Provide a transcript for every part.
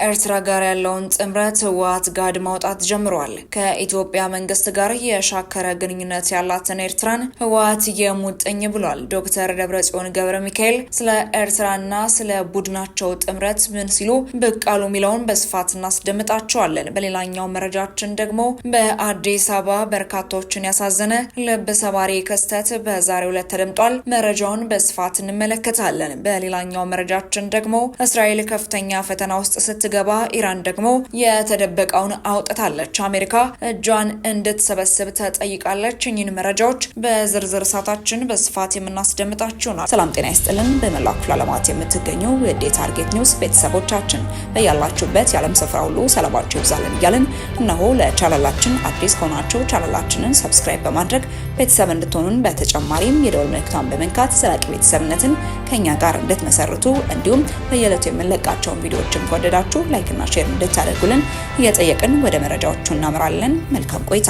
ከኤርትራ ጋር ያለውን ጥምረት ህወሓት ጋድ ማውጣት ጀምሯል። ከኢትዮጵያ መንግስት ጋር የሻከረ ግንኙነት ያላትን ኤርትራን ህወሓት የሙጥኝ ብሏል። ዶክተር ደብረጽዮን ገብረ ሚካኤል ስለ ኤርትራና ስለ ቡድናቸው ጥምረት ምን ሲሉ ብቅ አሉ የሚለውን በስፋት እናስደምጣቸዋለን። በሌላኛው መረጃችን ደግሞ በአዲስ አበባ በርካቶችን ያሳዘነ ልብ ሰባሪ ክስተት በዛሬው ዕለት ተደምጧል። መረጃውን በስፋት እንመለከታለን። በሌላኛው መረጃችን ደግሞ እስራኤል ከፍተኛ ፈተና ውስጥ ስት ስትገባ ኢራን ደግሞ የተደበቀውን አውጥታለች። አሜሪካ እጇን እንድትሰበስብ ተጠይቃለች። እኚህን መረጃዎች በዝርዝር እሳታችን በስፋት የምናስደምጣችሁ ናል። ሰላም ጤና ይስጥልን። በመላ ክፍለ ዓለማት የምትገኙ የዴ ታርጌት ኒውስ ቤተሰቦቻችን በያላችሁበት የዓለም ስፍራ ሁሉ ሰላማችሁ ይብዛልን እያልን እነሆ ለቻናላችን አዲስ ከሆናችሁ ቻናላችንን ሰብስክራይብ በማድረግ ቤተሰብ እንድትሆኑን በተጨማሪም የደወል ምልክቷን በመንካት ዘላቂ ቤተሰብነትን ከእኛ ጋር እንድትመሰርቱ እንዲሁም በየዕለቱ የምንለቃቸውን ቪዲዮዎችን ከወደዳችሁ ላይክና ሼር እንድታደርጉልን እየጠየቅን ወደ መረጃዎቹ እናምራለን። መልካም ቆይታ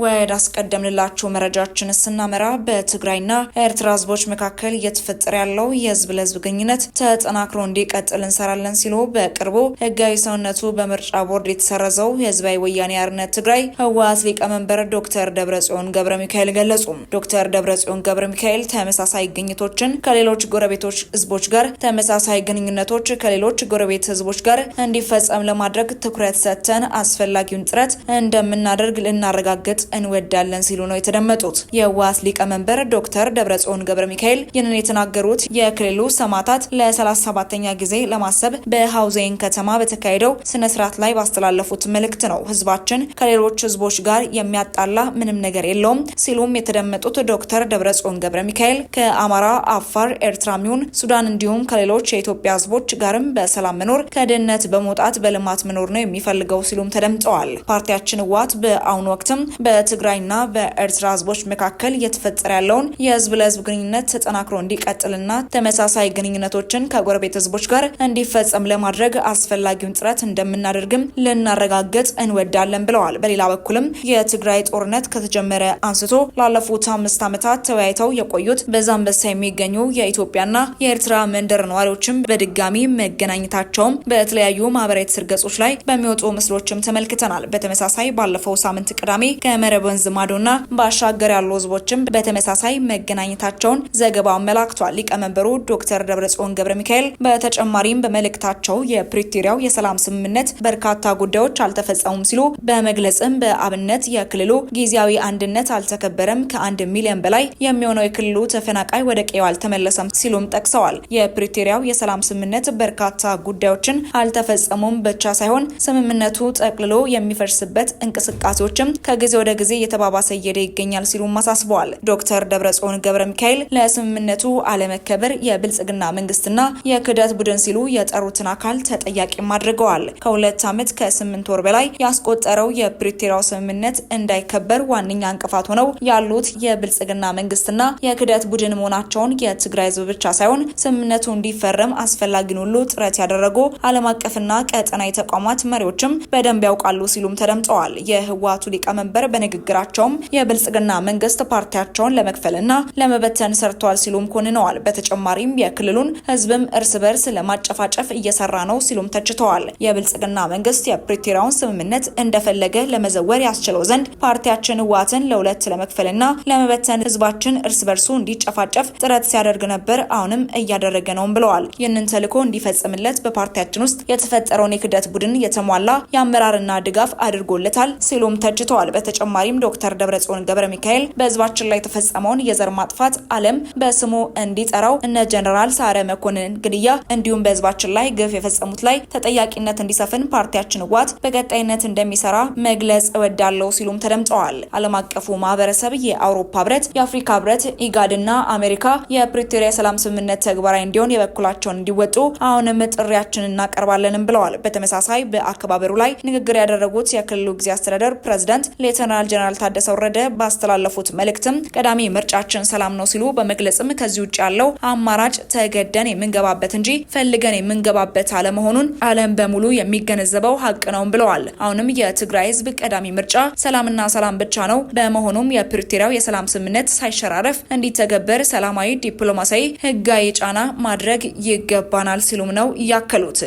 ወደ አስቀደምንላቸው መረጃችን ስናመራ በትግራይና ኤርትራ ህዝቦች መካከል እየተፈጠረ ያለው የህዝብ ለህዝብ ግንኙነት ተጠናክሮ እንዲቀጥል እንሰራለን ሲሉ በቅርቡ ህጋዊ ሰውነቱ በምርጫ ቦርድ የተሰረዘው የህዝባዊ ወያኔ አርነት ትግራይ ህወሀት ሊቀመንበር ዶክተር ደብረጽዮን ገብረ ሚካኤል ገለጹ። ዶክተር ደብረጽዮን ገብረ ሚካኤል ተመሳሳይ ግኝቶችን ከሌሎች ጎረቤቶች ህዝቦች ጋር ተመሳሳይ ግንኙነቶች ከሌሎች ጎረቤት ህዝቦች ጋር እንዲፈጸም ለማድረግ ትኩረት ሰጥተን አስፈላጊውን ጥረት እንደምናደርግ ልናረጋግጥ እንወዳለን ሲሉ ነው የተደመጡት። የዋስ ሊቀመንበር ዶክተር ደብረጽዮን ገብረ ሚካኤል ይህንን የተናገሩት የክልሉ ሰማዕታት ለ37ኛ ጊዜ ለማሰብ በሀውዜን ከተማ በተካሄደው ስነ ስርዓት ላይ ባስተላለፉት መልእክት ነው። ህዝባችን ከሌሎች ህዝቦች ጋር የሚያጣላ ምንም ነገር የለውም ሲሉም የተደመጡት ዶክተር ደብረጽዮን ገብረ ሚካኤል ከአማራ፣ አፋር፣ ኤርትራ ሚሁን ሱዳን እንዲሁም ከሌሎች የኢትዮጵያ ህዝቦች ጋርም በሰላም መኖር ከድህነት በመውጣት በልማት መኖር ነው የሚፈልገው ሲሉም ተደምጠዋል። ፓርቲያችን ህወሓት በአሁኑ ወቅትም በ በትግራይና በኤርትራ ህዝቦች መካከል እየተፈጠረ ያለውን የህዝብ ለህዝብ ግንኙነት ተጠናክሮ እንዲቀጥልና ተመሳሳይ ግንኙነቶችን ከጎረቤት ህዝቦች ጋር እንዲፈጸም ለማድረግ አስፈላጊውን ጥረት እንደምናደርግም ልናረጋግጥ እንወዳለን ብለዋል። በሌላ በኩልም የትግራይ ጦርነት ከተጀመረ አንስቶ ላለፉት አምስት ዓመታት ተወያይተው የቆዩት በዛምበሳ የሚገኙ የኢትዮጵያና የኤርትራ መንደር ነዋሪዎችም በድጋሚ መገናኘታቸውም በተለያዩ ማህበራዊ ትስስር ገጾች ላይ በሚወጡ ምስሎችም ተመልክተናል። በተመሳሳይ ባለፈው ሳምንት ቅዳሜ ከመረብ ወንዝ ማዶና ባሻገር ያሉ ህዝቦችም በተመሳሳይ መገናኘታቸውን ዘገባው አመላክቷል። ሊቀመንበሩ ዶክተር ደብረጽዮን ገብረ ሚካኤል በተጨማሪም በመልእክታቸው የፕሪቶሪያው የሰላም ስምምነት በርካታ ጉዳዮች አልተፈጸሙም ሲሉ በመግለጽም በአብነት የክልሉ ጊዜያዊ አንድነት አልተከበረም፣ ከአንድ ሚሊዮን በላይ የሚሆነው የክልሉ ተፈናቃይ ወደ ቀዬው አልተመለሰም ሲሉም ጠቅሰዋል። የፕሪቶሪያው የሰላም ስምምነት በርካታ ጉዳዮችን አልተፈጸሙም ብቻ ሳይሆን ስምምነቱ ጠቅልሎ የሚፈርስበት እንቅስቃሴዎችም ከጊዜ ወደ ጊዜ እየተባባሰ እየሄደ ይገኛል ሲሉም አሳስበዋል። ዶክተር ደብረጽዮን ገብረ ሚካኤል ለስምምነቱ አለመከበር የብልጽግና መንግስትና የክህደት ቡድን ሲሉ የጠሩትን አካል ተጠያቂም አድርገዋል። ከሁለት ዓመት ከስምንት ወር በላይ ያስቆጠረው የፕሪቴራው ስምምነት እንዳይከበር ዋነኛ እንቅፋት ሆነው ያሉት የብልጽግና መንግስትና የክህደት ቡድን መሆናቸውን የትግራይ ህዝብ ብቻ ሳይሆን ስምምነቱ እንዲፈረም አስፈላጊን ሁሉ ጥረት ያደረጉ ዓለም አቀፍና ቀጠናዊ ተቋማት መሪዎችም በደንብ ያውቃሉ ሲሉም ተደምጠዋል። የህወሓቱ ሊቀመንበር በንግግራቸውም የብልጽግና መንግስት ፓርቲያቸውን ለመክፈልና ለመበተን ሰርተዋል ሲሉም ኮንነዋል። በተጨማሪም የክልሉን ህዝብም እርስ በርስ ለማጨፋጨፍ እየሰራ ነው ሲሉም ተችተዋል። የብልጽግና መንግስት የፕሪቶሪያውን ስምምነት እንደፈለገ ለመዘወር ያስችለው ዘንድ ፓርቲያችን ህወሓትን ለሁለት ለመክፈልና ለመበተን ህዝባችን እርስ በርሱ እንዲጨፋጨፍ ጥረት ሲያደርግ ነበር፣ አሁንም እያደረገ ነውም ብለዋል። ይህንን ተልዕኮ እንዲፈጽምለት በፓርቲያችን ውስጥ የተፈጠረውን የክደት ቡድን የተሟላ የአመራርና ድጋፍ አድርጎለታል ሲሉም ተችተዋል። በተጨማ በተጨማሪም ዶክተር ደብረጽዮን ገብረ ሚካኤል በህዝባችን ላይ የተፈጸመውን የዘር ማጥፋት ዓለም በስሙ እንዲጠራው እነ ጀነራል ሳረ መኮንን ግድያ እንዲሁም በህዝባችን ላይ ግፍ የፈጸሙት ላይ ተጠያቂነት እንዲሰፍን ፓርቲያችን ህወሓት በቀጣይነት እንደሚሰራ መግለጽ እወዳለሁ ሲሉም ተደምጠዋል። ዓለም አቀፉ ማህበረሰብ፣ የአውሮፓ ህብረት፣ የአፍሪካ ህብረት፣ ኢጋድና አሜሪካ የፕሪቶሪያ የሰላም ስምምነት ተግባራዊ እንዲሆን የበኩላቸውን እንዲወጡ አሁንም ጥሪያችን እናቀርባለንም ብለዋል። በተመሳሳይ በአከባበሩ ላይ ንግግር ያደረጉት የክልሉ ጊዜ አስተዳደር ፕሬዝዳንት ሌተና ሌተናል ጀነራል ታደሰ ወረደ ባስተላለፉት መልእክትም ቀዳሚ ምርጫችን ሰላም ነው ሲሉ በመግለጽም ከዚህ ውጭ ያለው አማራጭ ተገደን የምንገባበት እንጂ ፈልገን የምንገባበት አለመሆኑን ዓለም በሙሉ የሚገነዘበው ሀቅ ነው ብለዋል። አሁንም የትግራይ ህዝብ ቀዳሚ ምርጫ ሰላምና ሰላም ብቻ ነው። በመሆኑም የፕሪቶሪያው የሰላም ስምምነት ሳይሸራረፍ እንዲተገበር ሰላማዊ፣ ዲፕሎማሲያዊ፣ ህጋዊ ጫና ማድረግ ይገባናል ሲሉም ነው ያከሉት።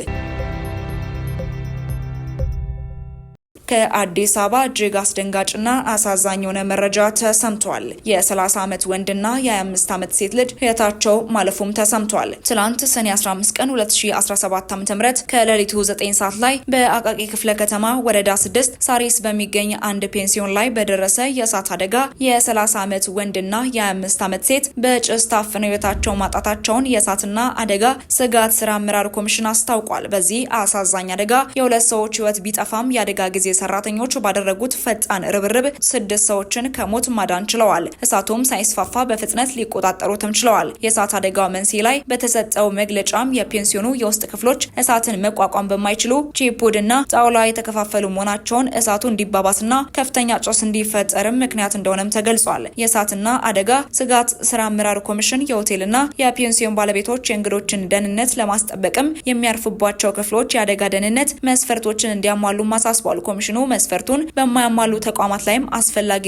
ከአዲስ አበባ እጅግ አስደንጋጭና አሳዛኝ የሆነ መረጃ ተሰምቷል። የ30 ዓመት ወንድና የ25 ዓመት ሴት ልጅ ህይወታቸው ማለፉም ተሰምቷል። ትላንት ሰኔ 15 ቀን 2017 ዓ ም ከሌሊቱ 9 ሰዓት ላይ በአቃቂ ክፍለ ከተማ ወረዳ 6 ሳሪስ በሚገኝ አንድ ፔንሲዮን ላይ በደረሰ የእሳት አደጋ የ30 ዓመት ወንድና የ25 ዓመት ሴት በጭስ ታፍነው ህይወታቸው ማጣታቸውን የእሳትና አደጋ ስጋት ስራ አመራር ኮሚሽን አስታውቋል። በዚህ አሳዛኝ አደጋ የሁለት ሰዎች ህይወት ቢጠፋም የአደጋ ጊዜ ሰራተኞች ባደረጉት ፈጣን ርብርብ ስድስት ሰዎችን ከሞት ማዳን ችለዋል። እሳቱም ሳይስፋፋ በፍጥነት ሊቆጣጠሩትም ችለዋል። የእሳት አደጋው መንስኤ ላይ በተሰጠው መግለጫም የፔንሲዮኑ የውስጥ ክፍሎች እሳትን መቋቋም በማይችሉ ቺፑድ ጣውላ የተከፋፈሉ መሆናቸውን እሳቱ እንዲባባስና ከፍተኛ ጭስ እንዲፈጠርም ምክንያት እንደሆነም ተገልጿል። የእሳትና አደጋ ስጋት ስራ አመራር ኮሚሽን የሆቴልና የፔንሲዮን ባለቤቶች የእንግዶችን ደህንነት ለማስጠበቅም የሚያርፉባቸው ክፍሎች የአደጋ ደህንነት መስፈርቶችን እንዲያሟሉ ማሳስቧል። ኮሚሽን ኮሚሽኑ መስፈርቱን በማያሟሉ ተቋማት ላይም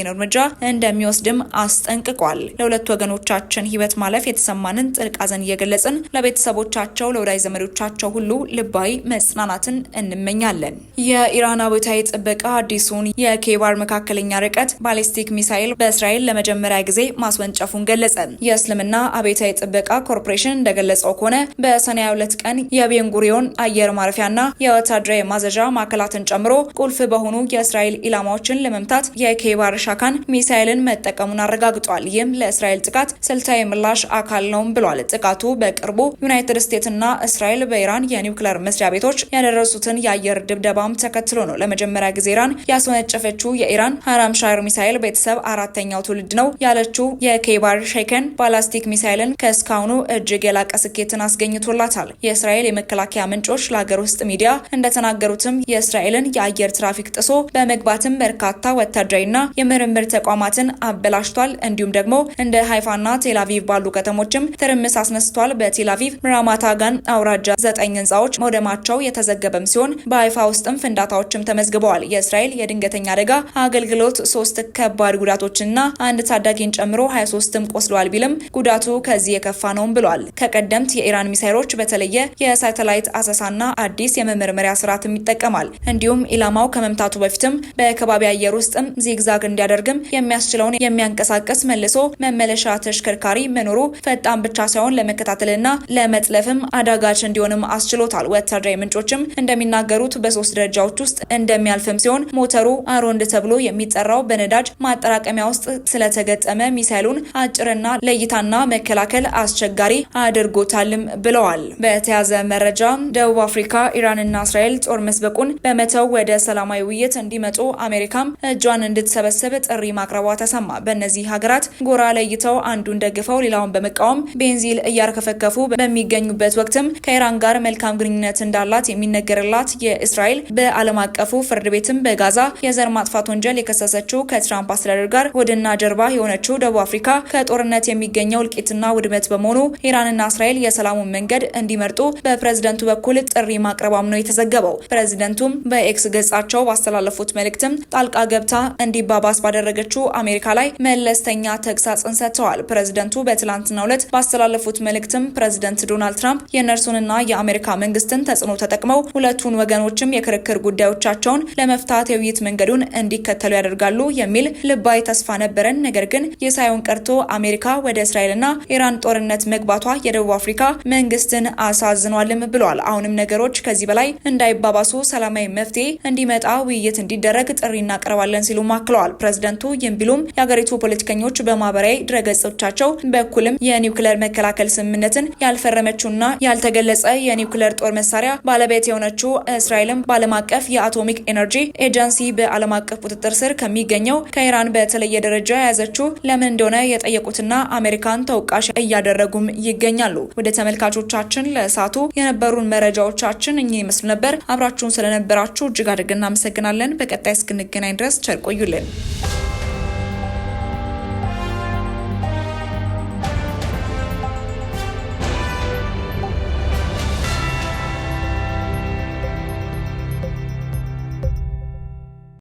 ነው እርምጃ እንደሚወስድም አስጠንቅቋል። ለሁለት ወገኖቻችን ህይወት ማለፍ የተሰማንን ጥልቅ ሐዘን እየገለጽን ለቤተሰቦቻቸው፣ ለወዳጅ ዘመዶቻቸው ሁሉ ልባዊ መጽናናትን እንመኛለን። የኢራን አብዮታዊ ጥበቃ አዲሱን የኬባር መካከለኛ ርቀት ባሊስቲክ ሚሳይል በእስራኤል ለመጀመሪያ ጊዜ ማስወንጨፉን ገለጸ። የእስልምና አብዮታዊ ጥበቃ ኮርፖሬሽን እንደገለጸው ከሆነ በሰኔ ሁለት ቀን የቤንጉሪዮን አየር ማረፊያና የወታደራዊ ማዘዣ ማዕከላትን ጨምሮ ቁልፍ በሆኑ የእስራኤል ኢላማዎችን ለመምታት የኬይባር ሻካን ሚሳኤልን መጠቀሙን አረጋግጧል። ይህም ለእስራኤል ጥቃት ስልታዊ ምላሽ አካል ነውም ብሏል። ጥቃቱ በቅርቡ ዩናይትድ ስቴትስና እስራኤል በኢራን የኒውክሌር መስሪያ ቤቶች ያደረሱትን የአየር ድብደባም ተከትሎ ነው። ለመጀመሪያ ጊዜ ኢራን ያስወነጨፈችው የኢራን ሃራምሻር ሚሳኤል ቤተሰብ አራተኛው ትውልድ ነው ያለችው የኬባር ሼከን ባላስቲክ ሚሳይልን ከእስካሁኑ እጅግ የላቀ ስኬትን አስገኝቶላታል። የእስራኤል የመከላከያ ምንጮች ለሀገር ውስጥ ሚዲያ እንደተናገሩትም የእስራኤልን የአየር ትራፊክ ትራፊክ ጥሶ በመግባትም በርካታ ወታደራዊና የምርምር ተቋማትን አበላሽቷል። እንዲሁም ደግሞ እንደ ሀይፋና ቴላቪቭ ባሉ ከተሞችም ትርምስ አስነስቷል። በቴላቪቭ ራማታጋን አውራጃ ዘጠኝ ህንፃዎች መውደማቸው የተዘገበም ሲሆን በሀይፋ ውስጥም ፍንዳታዎችም ተመዝግበዋል። የእስራኤል የድንገተኛ አደጋ አገልግሎት ሶስት ከባድ ጉዳቶችና አንድ ታዳጊን ጨምሮ 23ም ቆስለዋል ቢልም ጉዳቱ ከዚህ የከፋ ነውም ብሏል። ከቀደምት የኢራን ሚሳይሎች በተለየ የሳተላይት አሰሳና አዲስ የመመርመሪያ ስርዓትም ይጠቀማል። እንዲሁም ኢላማው ከመ ከመምታቱ በፊትም በከባቢ አየር ውስጥም ዚግዛግ እንዲያደርግም የሚያስችለውን የሚያንቀሳቀስ መልሶ መመለሻ ተሽከርካሪ መኖሩ ፈጣን ብቻ ሳይሆን ለመከታተልና ለመጥለፍም አዳጋች እንዲሆንም አስችሎታል። ወታደራዊ ምንጮችም እንደሚናገሩት በሶስት ደረጃዎች ውስጥ እንደሚያልፍም ሲሆን ሞተሩ አሮንድ ተብሎ የሚጠራው በነዳጅ ማጠራቀሚያ ውስጥ ስለተገጠመ ሚሳይሉን አጭርና ለእይታና መከላከል አስቸጋሪ አድርጎታልም ብለዋል። በተያዘ መረጃ ደቡብ አፍሪካ ኢራንና እስራኤል ጦር መስበቁን በመተው ወደ ሰላማዊ ሰላማዊ ውይይት እንዲመጡ አሜሪካም እጇን እንድትሰበስብ ጥሪ ማቅረቧ ተሰማ። በእነዚህ ሀገራት ጎራ ለይተው አንዱን ደግፈው ሌላውን በመቃወም ቤንዚል እያርከፈከፉ በሚገኙበት ወቅትም ከኢራን ጋር መልካም ግንኙነት እንዳላት የሚነገርላት የእስራኤል በዓለም አቀፉ ፍርድ ቤትም በጋዛ የዘር ማጥፋት ወንጀል የከሰሰችው ከትራምፕ አስተዳደር ጋር ወደና ጀርባ የሆነችው ደቡብ አፍሪካ ከጦርነት የሚገኘው እልቂትና ውድመት በመሆኑ ኢራንና እስራኤል የሰላሙን መንገድ እንዲመርጡ በፕሬዝደንቱ በኩል ጥሪ ማቅረቧም ነው የተዘገበው። ፕሬዝደንቱም በኤክስ ገጻቸው በበኩላቸው ባስተላለፉት መልእክትም ጣልቃ ገብታ እንዲባባስ ባደረገችው አሜሪካ ላይ መለስተኛ ተግሳጽን ሰጥተዋል። ፕሬዚደንቱ በትላንትናው ዕለት ባስተላለፉት መልእክትም ፕሬዝደንት ዶናልድ ትራምፕ የእነርሱንና የአሜሪካ መንግስትን ተጽዕኖ ተጠቅመው ሁለቱን ወገኖችም የክርክር ጉዳዮቻቸውን ለመፍታት የውይይት መንገዱን እንዲከተሉ ያደርጋሉ የሚል ልባዊ ተስፋ ነበረን። ነገር ግን የሳይሆን ቀርቶ አሜሪካ ወደ እስራኤልና ኢራን ጦርነት መግባቷ የደቡብ አፍሪካ መንግስትን አሳዝኗልም ብሏል። አሁንም ነገሮች ከዚህ በላይ እንዳይባባሱ ሰላማዊ መፍትሄ እንዲመጣ እንዲወጣ ውይይት እንዲደረግ ጥሪ እናቀርባለን ሲሉም አክለዋል። ፕሬዚደንቱ ይህም ቢሉም የሀገሪቱ ፖለቲከኞች በማህበራዊ ድረገጾቻቸው በኩልም የኒውክለር መከላከል ስምምነትን ያልፈረመችውና ያልተገለጸ የኒውክለር ጦር መሳሪያ ባለቤት የሆነችው እስራኤልም በዓለም አቀፍ የአቶሚክ ኤነርጂ ኤጀንሲ በዓለም አቀፍ ቁጥጥር ስር ከሚገኘው ከኢራን በተለየ ደረጃ የያዘችው ለምን እንደሆነ የጠየቁትና አሜሪካን ተወቃሽ እያደረጉም ይገኛሉ። ወደ ተመልካቾቻችን ለእሳቱ የነበሩን መረጃዎቻችን እኚህ ይመስሉ ነበር። አብራችሁን ስለነበራችሁ እጅግ አድርገን እናመሰግናለን። በቀጣይ እስክንገናኝ ድረስ ቸር ቆዩልን።